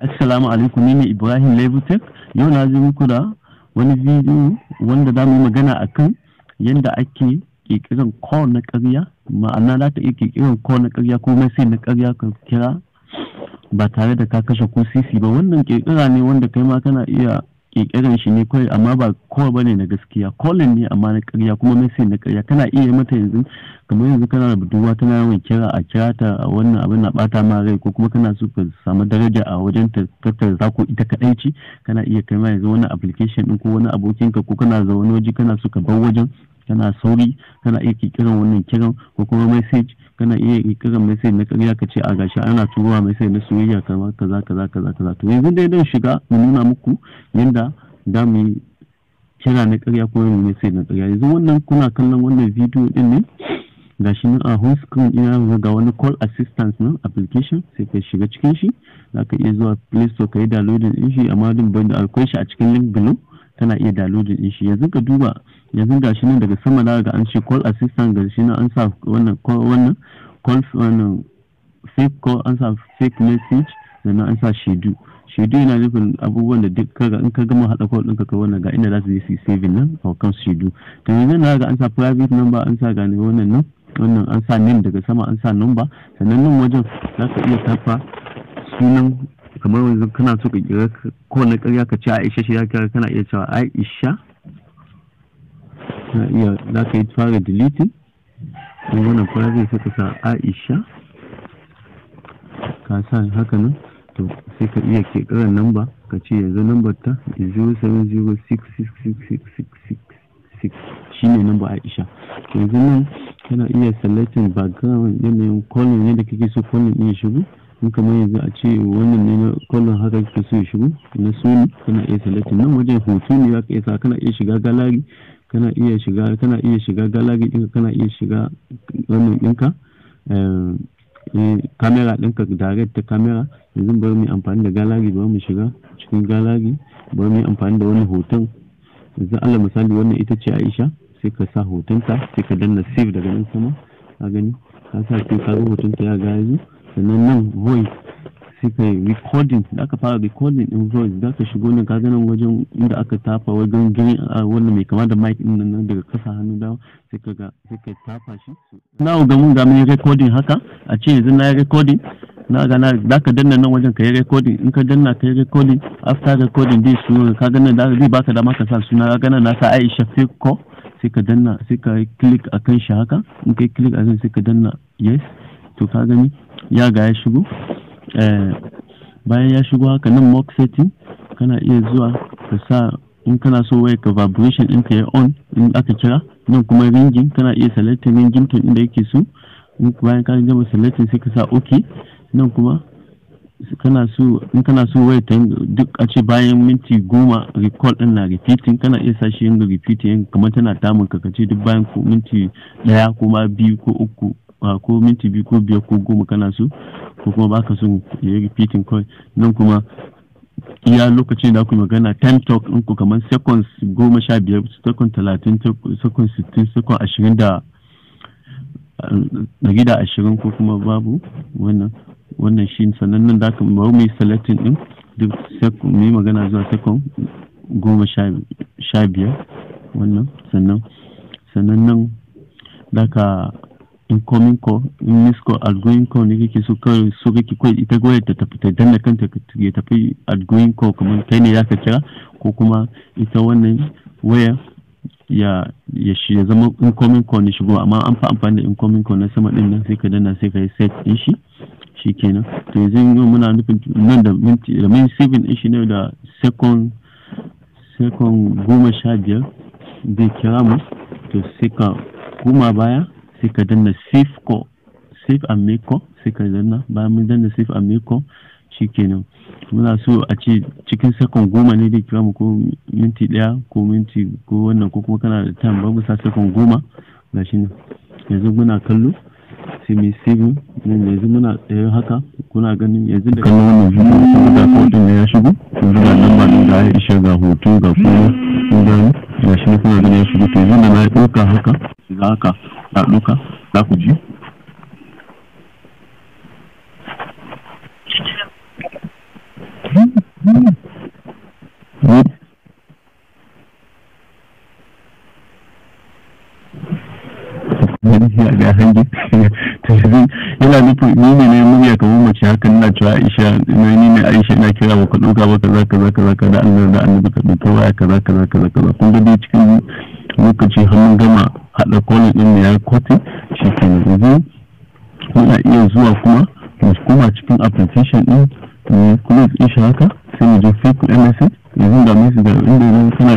Assalamu alaikum ni ne Ibrahim Lebutek yau na zo muku da wani bidiyo wanda za mu magana a kan yadda ake kirkiran call na karya ma'ana za ta iya kirkiran call na karya ko mai na karya ka kira ba tare da ka kashe ko sisi ba wannan kirkira ne wanda kai ma kana iya kirkirar shi ne kawai amma ba kowa bane na gaskiya kolin ne amma na karya kuma message na karya kana iya mata yanzu kamar yanzu kana da budurwa tana yawan kira a kira ta a wannan abin na bata ma rai ko kuma kana su ka samu daraja a wajen tattara za ku ita kadai ce kana iya kai ma yanzu wani application din ko wani abokin ka ko kana zaune waje kana so ka bar wajen kana sauri kana iya kirkiran wannan kiran ko kuma message kana iya kirkiran message na karya ka ce a gashi ana turowa message na soyayya kamar kaza kaza kaza kaza to yanzu dai don shiga mu nuna muku yanda da mu kira na karya ko mu message na karya yanzu wannan kuna kallon wannan video din ne gashi nan a home screen ina ga wani call assistance na application sai ka shiga cikin shi zaka iya zuwa play store ka yi downloading din shi amma din ban da akwai shi a cikin link below Tana iya downloading din shi yanzu ka duba yanzu ga shi nan daga sama daga an ce call assistant ga shi nan an sa wannan wannan call wannan fake call an sa fake message sannan an sa shedu shedu yana nufin abubuwan da duk kaga in ka gama hada call ɗinka ka wannan ga inda za su je su saving nan a kan shedu to yanzu na ga an sa private number an sa gane wannan nan wannan an sa name daga sama an sa number sannan nan wajen za ka iya tafa sunan kamar yanzu kana so ka kira ko na ƙarya ka ci Aisha shi ka kana iya cewa Aisha na iya za ka yi fara deleting don wannan fara zai ka sa Aisha ka sa haka nan to sai ka iya ke ƙarar namba ka ce yanzu nambar ta Shi ne namba Aisha yanzu nan kana iya selecting background yanayin ne da kake so kolin din ya shigo in kamar yanzu a ce wannan ne na kwallon haka kake so ya shigo na suni kana iya salatin nan wajen hutu ne za ka iya sa kana iya shiga galari kana iya shiga kana iya shiga galari ɗinka kana iya shiga wannan ɗinka kamera eh, eh, ɗinka direct ta kamera yanzu bari mu amfani da galari bari mu shiga cikin galari bari mu amfani da wani hoton yanzu allah misali wannan ita ce aisha sai ka sa hotonta sai ka danna save daga nan sama ka gani ka sa ke ka ga hotonta ya ga yanzu sannan nan voice sai ka recording da aka fara recording din voice za ka shigo ne kaga nan wajen inda aka tafa wajen gani a wannan mai kama da mic din nan daga kasa hannu da sai ka ga sai ka tafa shi na ga mun ga mun recording haka a ce yanzu na recording na ga na za ka danna nan wajen ka yi recording in ka danna ka yi recording after recording din su ka ga nan zai baka dama ka sa suna ka ga nan na sa Aisha ko sai ka danna sai ka click akan shi haka in ka click akan sai ka danna yes to ka gani ya ga ya shigo eh, bayan ya shigo haka nan mock setting kana iya zuwa ka sa in kana so waya ka vibration ka ya on in aka kira nan kuma ringin kana iya selecting ringin tone inda yake so bayan ka gama selecting sai ka sa ok nan kuma kana so in kana so wai ta duk a ce bayan minti goma recall din na repeating kana iya sashi yin repeating kamar tana tamun ka kace duk bayan ko minti daya ko ma biyu ko uku ko minti biyu ko biyar ko goma kana so ko kuma baka so ya repeating kawai nan kuma iya lokacin da ku magana time talk in ku kamar seconds goma sha biyar second talatin second sittin second ashirin da ɗari da ashirin ko kuma babu wannan wannan shi sannan nan da aka bari mu yi selecting din duk second mu yi magana zuwa second goma sha biyar wannan sannan sannan nan da ka incoming ko in miss call outgoing ne kake so kawai so kake kawai ita goyar ta tafi ta danna kanta ya tafi outgoing ko kamar kai ne zaka kira ko kuma ita wannan waya ya ya shi ya zama incoming ko ne shigo amma an fa amfani da incoming ko na sama din nan sai ka danna sai ka yi set din shi shi kenan to yanzu yau muna nufin nan da minti da min sibin din shi ne da second second goma sha biyar zai kira mu to sai ka koma baya sai ka danna safe call safe and make call sai ka danna bayan mun danna safe and make call shi kenan muna so a ce cikin second goma ne da kira mu ko minti daya ko minti ko wannan ko kuma kana da time babu sa second goma shi ne yanzu muna kallo ce mai simisiru yanzu muna tsaye haka kuna ganin yanzu da kallon wannan bidiyo kuma ga kodin da ya shigo yanzu ga nan din da ya ishe ga hoto ga kuma sun gani ga shi ne kuna ganin ya shigo to yanzu da na ya ɗauka haka shiga haka ya ɗauka za ku ji. Yeah, yeah, yeah. tasiri yana nufin ni ne ne murya kamar mace haka ina cewa Aisha ni ne Aisha ina kira ba ka dauka ba kaza kaza kaza kaza da annabi ka ɗauka waya kaza kaza kaza kaza kun ga dai cikin lokaci hannun gama haɗa kolin din ne ya kwati shi ke muna iya zuwa kuma mu koma cikin application ɗin mu kuma in shi haka sai mu je fake message yanzu ga message da inda yanzu kana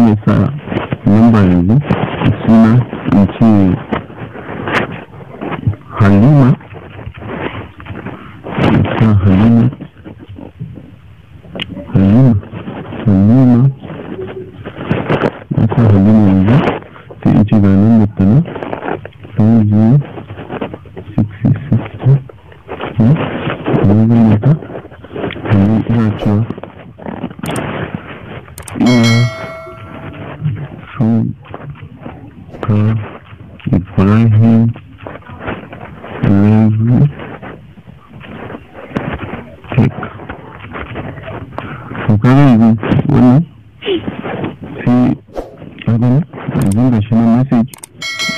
iya sa number yanzu suna in ce Halima हाँ हलीमा हलीमा हलीमा ऐसा हलीमा होगा तो ये जी गाना बताना two G six six two Halima होगा हलीमा अच्छा या kaga yanzu wannan sai kaga yanzu ga shi na message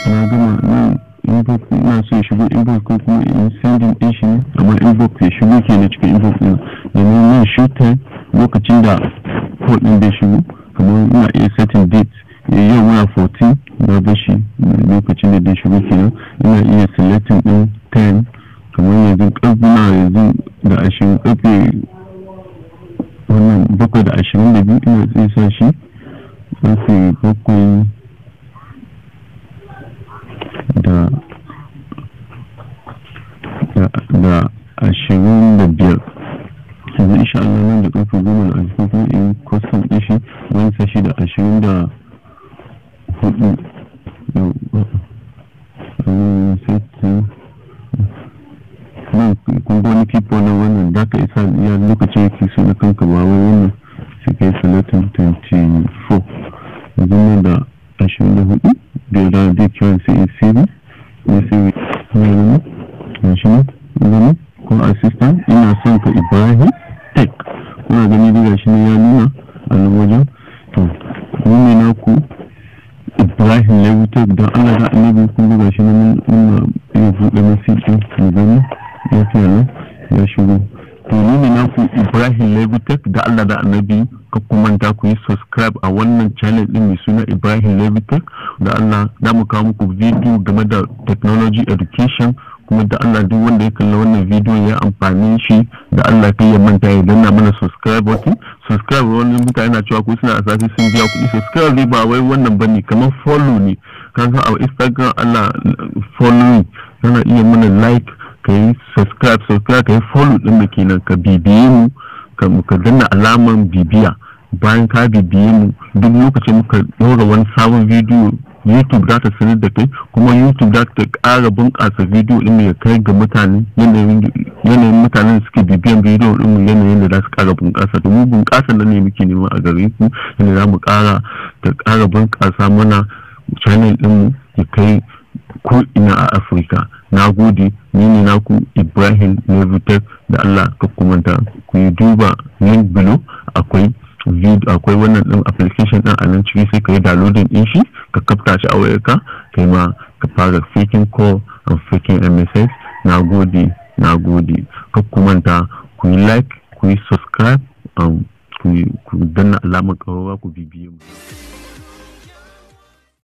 na gama nan inbox ina so ya shigo inbox ko kuma in sending din shi ne amma inbox ya shigo ke na cikin inbox ɗin domin nan shoot lokacin da code ɗin bai shigo kamar ina iya setting date eh, yau muna 14 na bashi lokacin da dai shigo kenan ina iya selecting din 10 kamar yanzu ƙarfi na yanzu da ashirin ƙarfe wannan bakwai da ashirin da biyu ina zai sa shi bakwai bakwai receiving minimum machine gani kuma assistant ina son ka ibrahim tech kuna gani dai gashi ne ya nuna a nan wajen to ni ne naku ibrahim lewu tech don allah da annabi kun ga shi ne mun yin buɗe message din mu gani ya fiye ya shigo to ni ne naku ibrahim lewu tech da allah da annabi ka kumanta ku yi subscribe a wannan channel din mai suna Ibrahim Levitek da Allah da mu kawo muku video game da technology education kuma da Allah duk wanda ya kalla wannan video ya amfani shi da Allah kai ya manta ya danna mana subscribe button subscribe wani mutane na cewa ku suna a sati sun biya kuɗi subscribe ne ba wai wannan bane kamar follow ne kaga a Instagram Allah follow kana iya mana like ka yi subscribe subscribe ka yi follow din da kenan ka bibiye mu ka danna alaman bibiya bayan ka bibiye mu duk lokacin muka ɗora wani sabon bidiyo youtube za ta sanar da kai kuma youtube za ta ƙara bunƙasa bidiyo ɗin ya kai ga mutane yanayin mutanen da suke bibiyan bidiyo ɗin yanayin da za su ƙara bunƙasa domin bunƙasa nan ne muke nema a gare ku yadda za mu ƙara ta ƙara bunƙasa mana channel mu ya kai ko ina a afirka na gode ni ne naku ibrahim nevitek da allah ka kumanta ku yi duba link below akwai akwai wannan din application din a nan ciki sai ka yi downloading din shi ka kafta shi a wayarka kai ma ka fara faking call and faking message na gode na gode ka kumanta ku yi like ku yi subscribe um, ku danna alamar ƙararwa ku bibiye mu